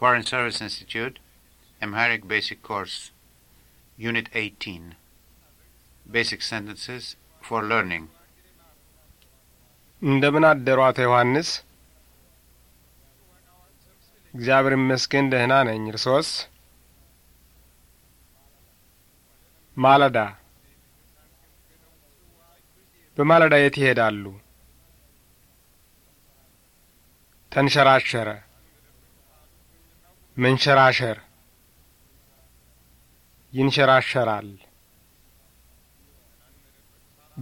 Foreign Service Institute, Amharic Basic Course, Unit 18, Basic Sentences for Learning. እንደምን አደሩ አቶ ዮሐንስ? እግዚአብሔር ይመስገን ደህና ነኝ። እርሶስ? ማለዳ በማለዳ የት ይሄዳሉ? ተንሸራሸረ መንሸራሸር ይንሸራሸራል።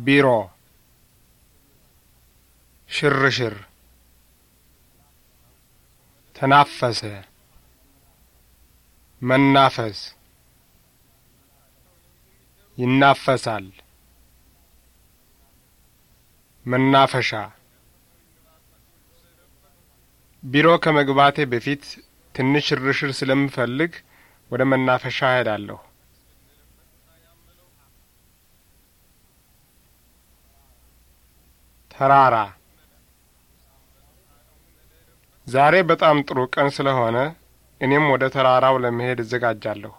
ቢሮ ሽርሽር ተናፈሰ መናፈስ ይናፈሳል። መናፈሻ ቢሮ ከመግባቴ በፊት ትንሽ ሽርሽር ስለምፈልግ ወደ መናፈሻ እሄዳለሁ። ተራራ ዛሬ በጣም ጥሩ ቀን ስለሆነ እኔም ወደ ተራራው ለመሄድ እዘጋጃለሁ።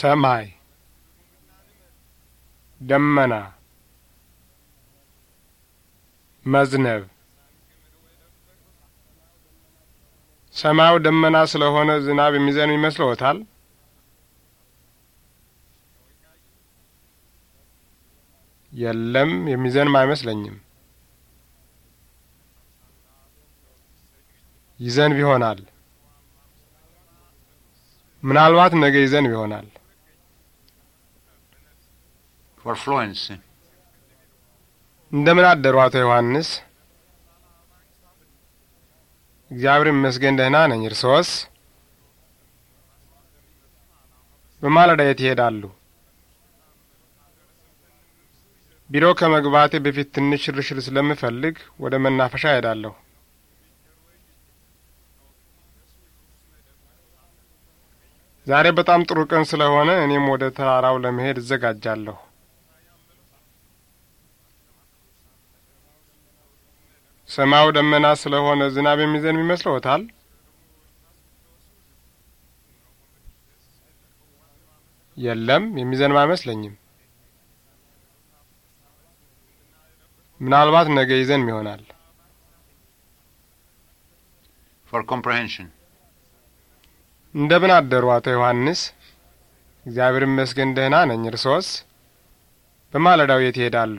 ሰማይ ደመና መዝነብ ሰማዩ ደመና ስለሆነ ዝናብ የሚዘንብ ይመስልዎታል? የለም፣ የሚዘንም አይመስለኝም። ይዘንብ ይሆናል። ምናልባት ነገ ይዘንብ ይሆናል። እንደምን አደሩ አቶ ዮሐንስ? እግዚአብሔር ይመስገን ደህና ነኝ። እርስዎስ? በማለዳ የት ይሄዳሉ? ቢሮ ከመግባቴ በፊት ትንሽ ሽርሽር ስለምፈልግ ወደ መናፈሻ እሄዳለሁ። ዛሬ በጣም ጥሩ ቀን ስለሆነ እኔም ወደ ተራራው ለመሄድ እዘጋጃለሁ። ሰማዩ ደመና ስለሆነ ዝናብ የሚዘንብ ይመስልዎታል? የለም፣ የሚዘንብ አይመስለኝም። ምናልባት ነገ ይዘንም ይሆናል። ፎር ኮምፕሬንሽን እንደምን አደሩ አቶ ዮሐንስ? እግዚአብሔር ይመስገን ደህና ነኝ። እርሶስ? በማለዳው የት ይሄዳሉ?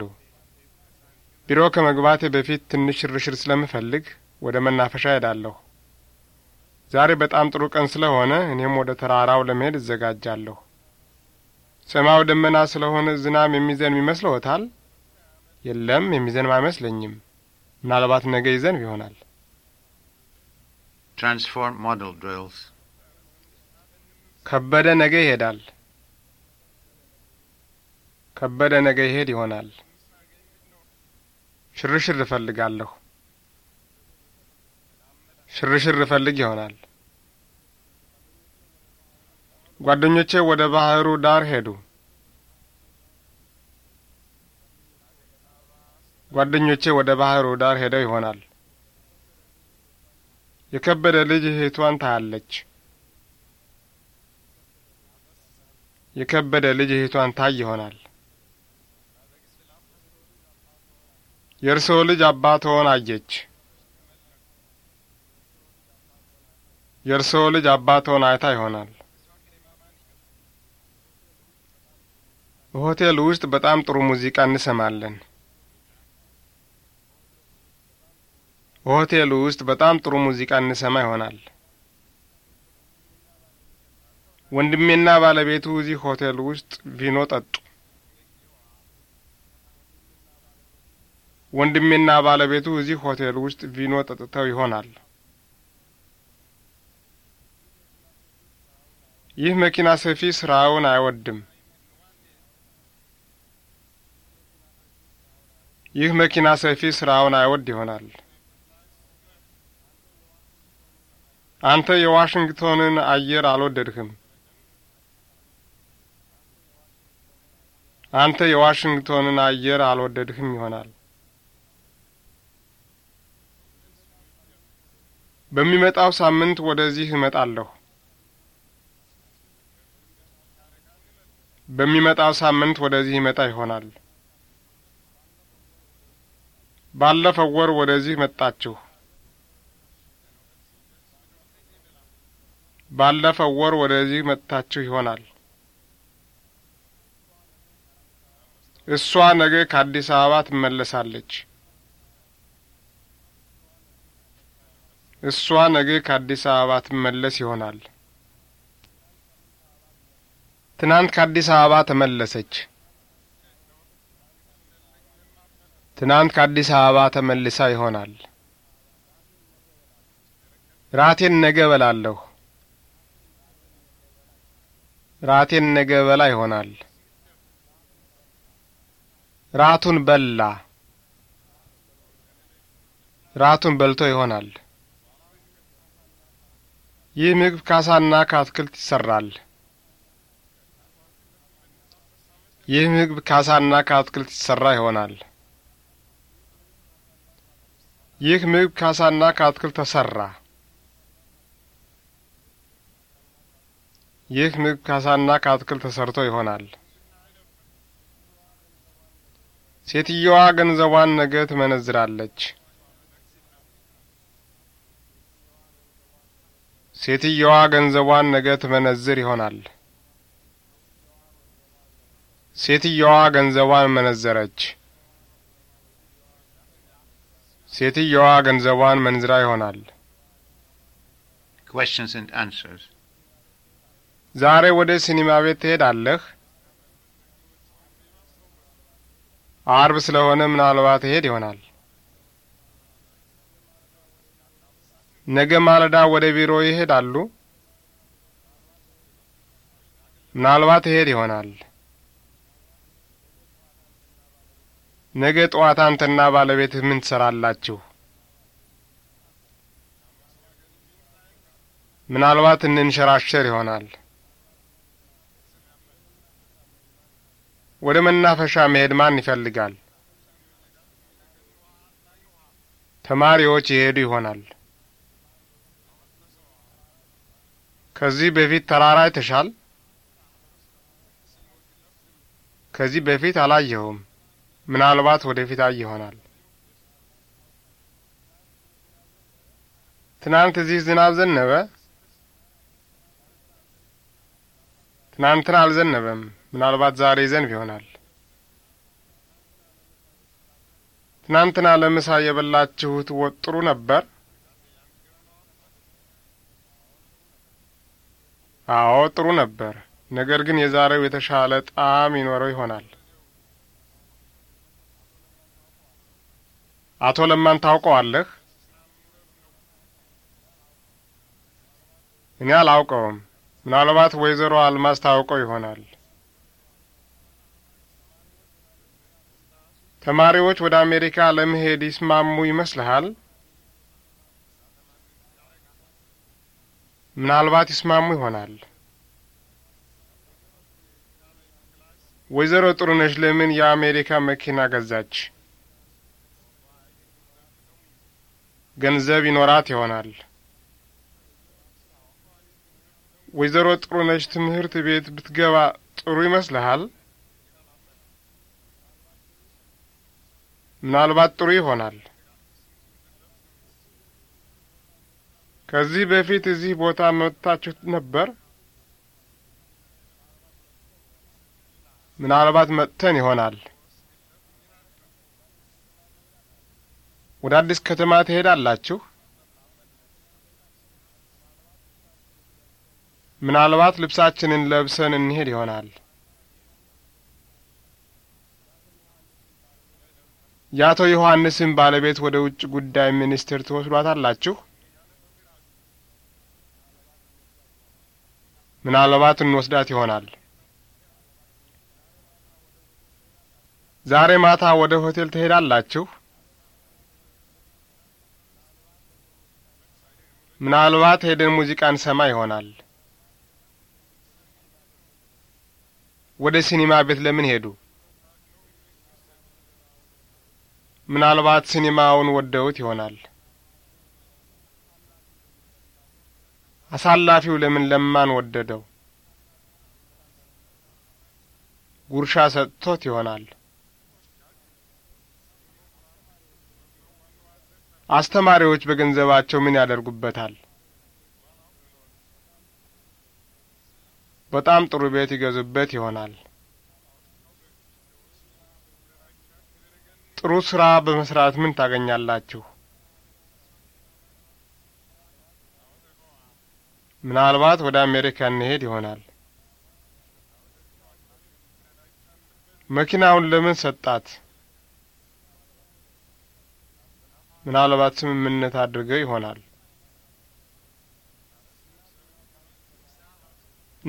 ቢሮ ከመግባቴ በፊት ትንሽ ሽርሽር ስለምፈልግ ወደ መናፈሻ ሄዳለሁ። ዛሬ በጣም ጥሩ ቀን ስለሆነ እኔም ወደ ተራራው ለመሄድ እዘጋጃለሁ። ሰማዩ ደመና ስለሆነ ዝናብ የሚዘንብ ይመስልዎታል? የለም፣ የሚዘንብ አይመስለኝም። ምናልባት ነገ ይዘንብ ይሆናል። ትራንስፎርም ሞዴል ድሪልስ ከበደ ነገ ይሄዳል። ከበደ ነገ ይሄድ ይሆናል። ሽርሽር እፈልጋለሁ። ሽርሽር እፈልግ ይሆናል። ጓደኞቼ ወደ ባህሩ ዳር ሄዱ። ጓደኞቼ ወደ ባህሩ ዳር ሄደው ይሆናል። የከበደ ልጅ እህቷን ታያለች። የከበደ ልጅ እህቷን ታይ ይሆናል። የእርስዎ ልጅ አባትዎን አየች። የእርስዎ ልጅ አባትዎን አይታ ይሆናል። በሆቴል ውስጥ በጣም ጥሩ ሙዚቃ እንሰማለን። በሆቴል ውስጥ በጣም ጥሩ ሙዚቃ እንሰማ ይሆናል። ወንድሜና ባለቤቱ እዚህ ሆቴል ውስጥ ቪኖ ጠጡ። ወንድሜና ባለቤቱ እዚህ ሆቴል ውስጥ ቪኖ ጠጥተው ይሆናል። ይህ መኪና ሰፊ ስራውን አይወድም። ይህ መኪና ሰፊ ስራውን አይወድ ይሆናል። አንተ የዋሽንግቶንን አየር አልወደድህም። አንተ የዋሽንግቶንን አየር አልወደድህም ይሆናል። በሚመጣው ሳምንት ወደዚህ እመጣለሁ። በሚመጣው ሳምንት ወደዚህ ይመጣ ይሆናል። ባለፈው ወር ወደዚህ መጣችሁ። ባለፈው ወር ወደዚህ መጥታችሁ ይሆናል። እሷ ነገ ከአዲስ አበባ ትመለሳለች። እሷ ነገ ከአዲስ አበባ ትመለስ ይሆናል። ትናንት ከአዲስ አበባ ተመለሰች። ትናንት ከአዲስ አበባ ተመልሳ ይሆናል። ራቴን ነገ እበላለሁ። ራቴን ነገ በላ ይሆናል። ራቱን በላ። ራቱን በልቶ ይሆናል። ይህ ምግብ ካሳና ከአትክልት ይሰራል። ይህ ምግብ ካሳና ከአትክልት ይሰራ ይሆናል። ይህ ምግብ ካሳና ከአትክልት ተሰራ። ይህ ምግብ ካሳና ከአትክልት ተሰርቶ ይሆናል። ሴትየዋ ገንዘቧን ነገ ትመነዝራለች። ሴትየዋ ገንዘቧን ነገ ትመነዝር ይሆናል። ሴትየዋ ገንዘቧን መነዘረች። ሴትየዋ ገንዘቧን መንዝራ ይሆናል። ዛሬ ወደ ሲኒማ ቤት ትሄዳለህ? አርብ ስለሆነ ምናልባት ትሄድ ይሆናል። ነገ ማለዳ ወደ ቢሮ ይሄዳሉ? ምናልባት እሄድ ይሆናል። ነገ ጠዋት አንተና ባለቤትህ ምን ትሰራላችሁ? ምናልባት እንንሸራሸር ይሆናል። ወደ መናፈሻ መሄድ ማን ይፈልጋል? ተማሪዎች ይሄዱ ይሆናል። ከዚህ በፊት ተራራ አይተሻል? ከዚህ በፊት አላየሁም። ምናልባት ወደፊት አይ ይሆናል። ትናንት እዚህ ዝናብ ዘነበ? ትናንትና አልዘነበም። ምናልባት ዛሬ ዘንብ ይሆናል። ትናንትና ለምሳ የበላችሁት ወጥ ጥሩ ነበር? አዎ ጥሩ ነበር። ነገር ግን የዛሬው የተሻለ ጣዕም ይኖረው ይሆናል። አቶ ለማን ታውቀዋለህ? እኔ አላውቀውም። ምናልባት ወይዘሮ አልማዝ ታውቀው ይሆናል። ተማሪዎች ወደ አሜሪካ ለመሄድ ይስማሙ ይመስልሃል? ምናልባት ይስማሙ ይሆናል። ወይዘሮ ጥሩነሽ ለምን የአሜሪካ መኪና ገዛች? ገንዘብ ይኖራት ይሆናል። ወይዘሮ ጥሩነሽ ትምህርት ቤት ብትገባ ጥሩ ይመስልሃል? ምናልባት ጥሩ ይሆናል። ከዚህ በፊት እዚህ ቦታ መጥታችሁ ነበር? ምናልባት መጥተን ይሆናል። ወደ አዲስ ከተማ ትሄዳላችሁ? ምናልባት ልብሳችንን ለብሰን እንሄድ ይሆናል። የአቶ ዮሐንስን ባለቤት ወደ ውጭ ጉዳይ ሚኒስቴር ትወስዷታላችሁ? ምናልባት እንወስዳት ይሆናል። ዛሬ ማታ ወደ ሆቴል ትሄዳላችሁ? ምናልባት ሄደን ሙዚቃ እንሰማ ይሆናል። ወደ ሲኒማ ቤት ለምን ሄዱ? ምናልባት ሲኒማውን ወደውት ይሆናል። አሳላፊው ለምን ለማን ወደደው? ጉርሻ ሰጥቶት ይሆናል። አስተማሪዎች በገንዘባቸው ምን ያደርጉበታል? በጣም ጥሩ ቤት ይገዙበት ይሆናል። ጥሩ ስራ በመስራት ምን ታገኛላችሁ? ምናልባት ወደ አሜሪካ እንሄድ ይሆናል። መኪናውን ለምን ሰጣት? ምናልባት ስምምነት አድርገው ይሆናል።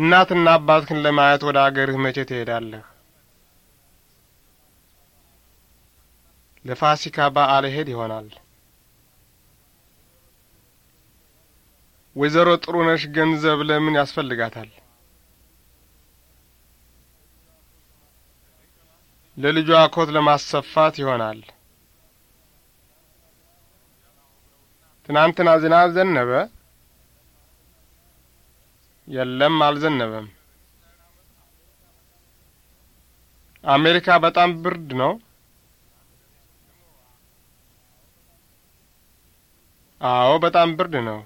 እናትና አባትህን ለማየት ወደ አገርህ መቼ ትሄዳለህ? ለፋሲካ በዓል እሄድ ይሆናል። ወይዘሮ ጥሩነሽ ገንዘብ ለምን ያስፈልጋታል? ለልጇ ኮት ለማሰፋት ይሆናል። ትናንትና ዝናብ ዘነበ? የለም፣ አልዘነበም። አሜሪካ በጣም ብርድ ነው? አዎ፣ በጣም ብርድ ነው።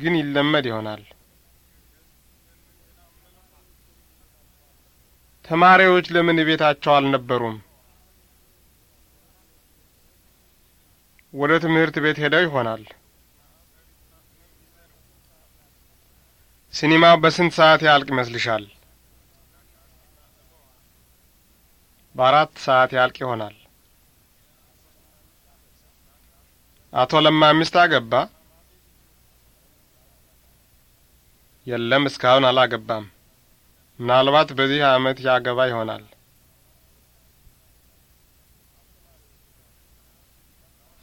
ግን ይለመድ ይሆናል። ተማሪዎች ለምን ቤታቸው አልነበሩም? ወደ ትምህርት ቤት ሄደው ይሆናል። ሲኒማ በስንት ሰዓት ያልቅ ይመስልሻል? በአራት ሰዓት ያልቅ ይሆናል። አቶ ለማ ሚስት አገባ? የለም፣ እስካሁን አላገባም። ምናልባት በዚህ ዓመት ያገባ ይሆናል።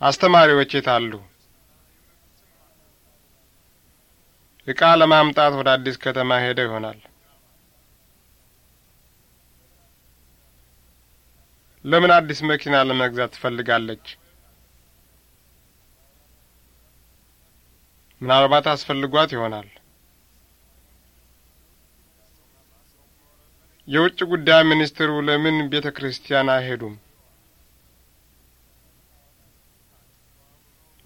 አስተማሪዎች የት አሉ? ዕቃ ለማምጣት ወደ አዲስ ከተማ ሄደው ይሆናል። ለምን አዲስ መኪና ለመግዛት ትፈልጋለች? ምናልባት አስፈልጓት ይሆናል። የውጭ ጉዳይ ሚኒስትሩ ለምን ቤተ ክርስቲያን አይሄዱም?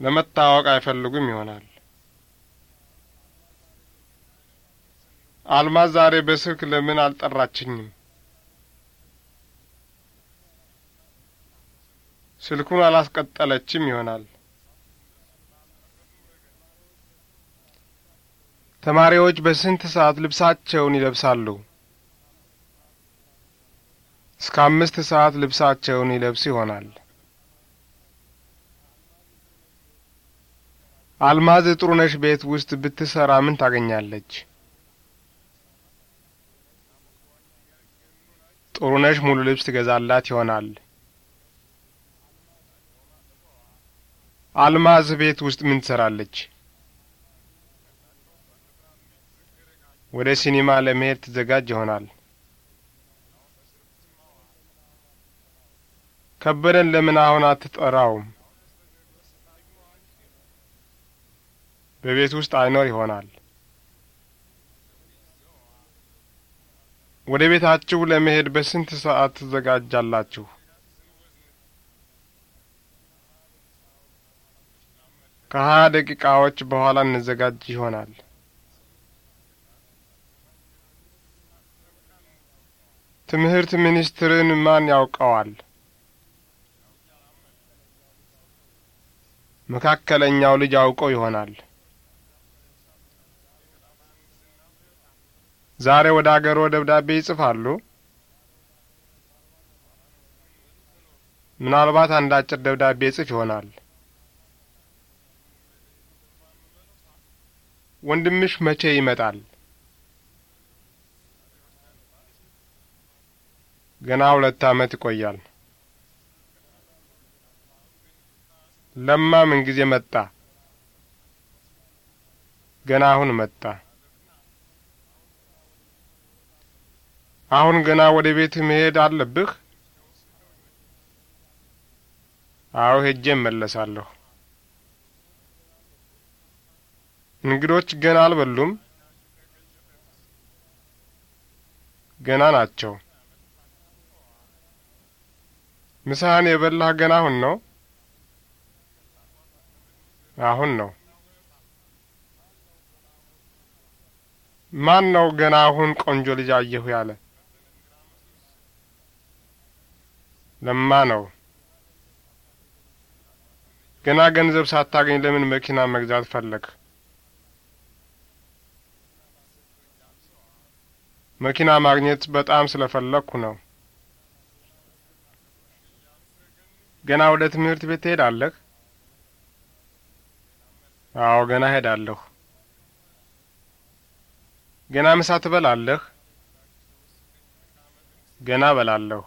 ለመታወቅ አይፈልጉም ይሆናል። አልማዝ ዛሬ በስልክ ለምን አልጠራችኝም? ስልኩን አላስቀጠለችም ይሆናል። ተማሪዎች በስንት ሰዓት ልብሳቸውን ይለብሳሉ? እስከ አምስት ሰዓት ልብሳቸውን ይለብስ ይሆናል። አልማዝ ጥሩነሽ ቤት ውስጥ ብትሰራ ምን ታገኛለች? ጥሩነሽ ሙሉ ልብስ ትገዛላት ይሆናል። አልማዝ ቤት ውስጥ ምን ትሰራለች? ወደ ሲኒማ ለመሄድ ትዘጋጅ ይሆናል። ከበደን ለምን አሁን አትጠራውም? በቤት ውስጥ አይኖር ይሆናል። ወደ ቤታችሁ ለመሄድ በስንት ሰዓት ትዘጋጃላችሁ? ከሀያ ደቂቃዎች በኋላ እንዘጋጅ ይሆናል። ትምህርት ሚኒስትርን ማን ያውቀዋል? መካከለኛው ልጅ አውቆ ይሆናል። ዛሬ ወደ አገሮ ደብዳቤ ይጽፋሉ? ምናልባት አንድ አጭር ደብዳቤ ይጽፍ ይሆናል። ወንድምሽ መቼ ይመጣል? ገና ሁለት ዓመት ይቆያል። ለማ ምን ጊዜ መጣ? ገና አሁን መጣ። አሁን ገና ወደ ቤት መሄድ አለብህ? አዎ ሄጄ እመለሳለሁ። እንግዶች ገና አልበሉም? ገና ናቸው። ምሳህን የበላህ ገና አሁን ነው? አሁን ነው። ማን ነው ገና አሁን ቆንጆ ልጅ አየሁ ያለ? ለማ ነው። ገና ገንዘብ ሳታገኝ ለምን መኪና መግዛት ፈለግ? መኪና ማግኘት በጣም ስለፈለግኩ ነው። ገና ወደ ትምህርት ቤት ትሄዳለህ? አዎ ገና ሄዳለሁ። ገና ምሳ ትበላለህ? ገና እበላለሁ።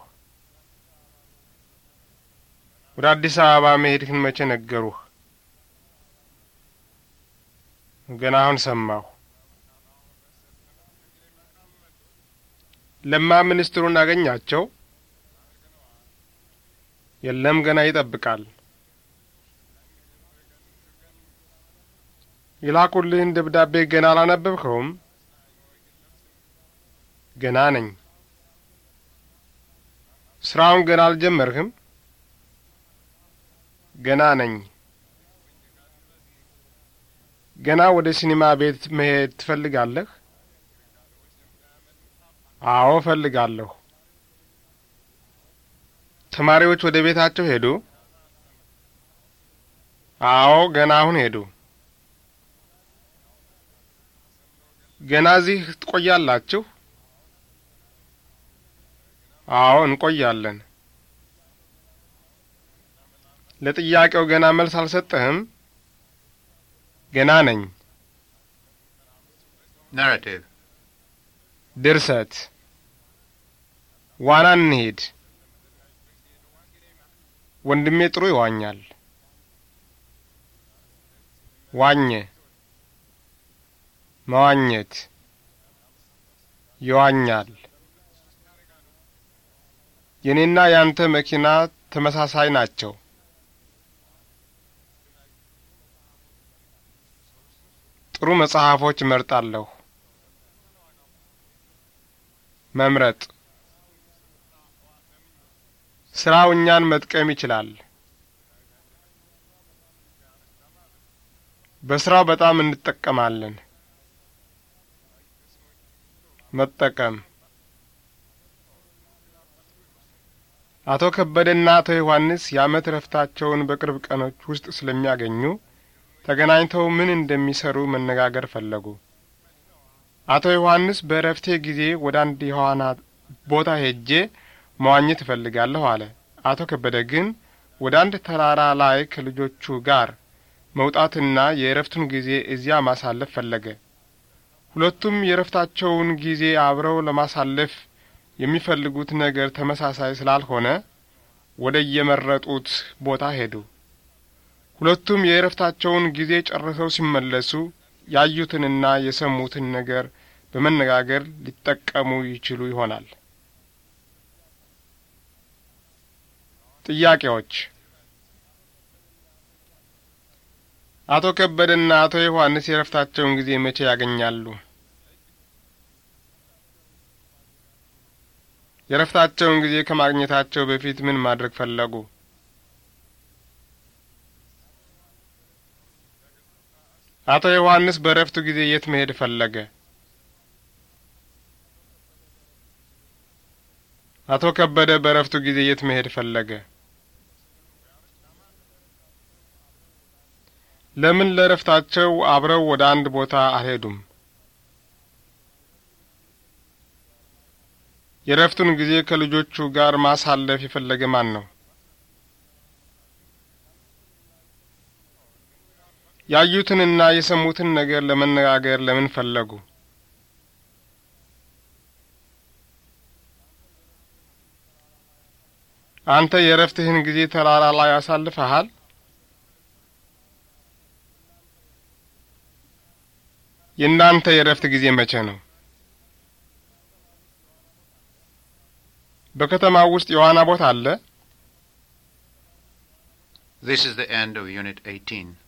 ወደ አዲስ አበባ መሄድህን መቼ ነገሩህ? ገና አሁን ሰማሁ። ለማ ሚኒስትሩን አገኛቸው? የለም ገና ይጠብቃል። የላኩልህን ደብዳቤ ገና አላነበብኸውም? ገና ነኝ። ስራውን ገና አልጀመርህም? ገና ነኝ። ገና ወደ ሲኒማ ቤት መሄድ ትፈልጋለህ? አዎ እፈልጋለሁ። ተማሪዎች ወደ ቤታቸው ሄዱ? አዎ ገና አሁን ሄዱ። ገና እዚህ ትቆያላችሁ? አዎ እንቆያለን። ለጥያቄው ገና መልስ አልሰጠህም? ገና ነኝ። ናራቲቭ ድርሰት ዋና እንሄድ። ወንድሜ ጥሩ ይዋኛል። ዋኘ መዋኘት ይዋኛል። የኔና ያንተ መኪና ተመሳሳይ ናቸው። ጥሩ መጽሐፎች እመርጣለሁ። መምረጥ ስራው እኛን መጥቀም ይችላል። በስራው በጣም እንጠቀማለን። መጠቀም አቶ ከበደና አቶ ዮሐንስ የዓመት እረፍታቸውን በቅርብ ቀኖች ውስጥ ስለሚያገኙ ተገናኝተው ምን እንደሚሰሩ መነጋገር ፈለጉ። አቶ ዮሐንስ በእረፍቴ ጊዜ ወደ አንድ የዋና ቦታ ሄጄ መዋኘት እፈልጋለሁ አለ። አቶ ከበደ ግን ወደ አንድ ተራራ ላይ ከልጆቹ ጋር መውጣትና የእረፍቱን ጊዜ እዚያ ማሳለፍ ፈለገ። ሁለቱም የረፍታቸውን ጊዜ አብረው ለማሳለፍ የሚፈልጉት ነገር ተመሳሳይ ስላልሆነ ወደ የመረጡት ቦታ ሄዱ። ሁለቱም የእረፍታቸውን ጊዜ ጨርሰው ሲመለሱ ያዩትንና የሰሙትን ነገር በመነጋገር ሊጠቀሙ ይችሉ ይሆናል። ጥያቄዎች። አቶ ከበደና አቶ ዮሐንስ የእረፍታቸውን ጊዜ መቼ ያገኛሉ? የረፍታቸውን ጊዜ ከማግኘታቸው በፊት ምን ማድረግ ፈለጉ? አቶ ዮሐንስ በረፍቱ ጊዜ የት መሄድ ፈለገ? አቶ ከበደ በረፍቱ ጊዜ የት መሄድ ፈለገ? ለምን ለረፍታቸው አብረው ወደ አንድ ቦታ አልሄዱም? የረፍቱን ጊዜ ከልጆቹ ጋር ማሳለፍ የፈለገ ማን ነው? ያዩትንና የሰሙትን ነገር ለመነጋገር ለምን ፈለጉ? አንተ የእረፍትህን ጊዜ ተራራ ላይ ያሳልፈሃል? የእናንተ የእረፍት ጊዜ መቼ ነው? ውስጥ የዋና ቦታ አለ? This is the end of Unit 18.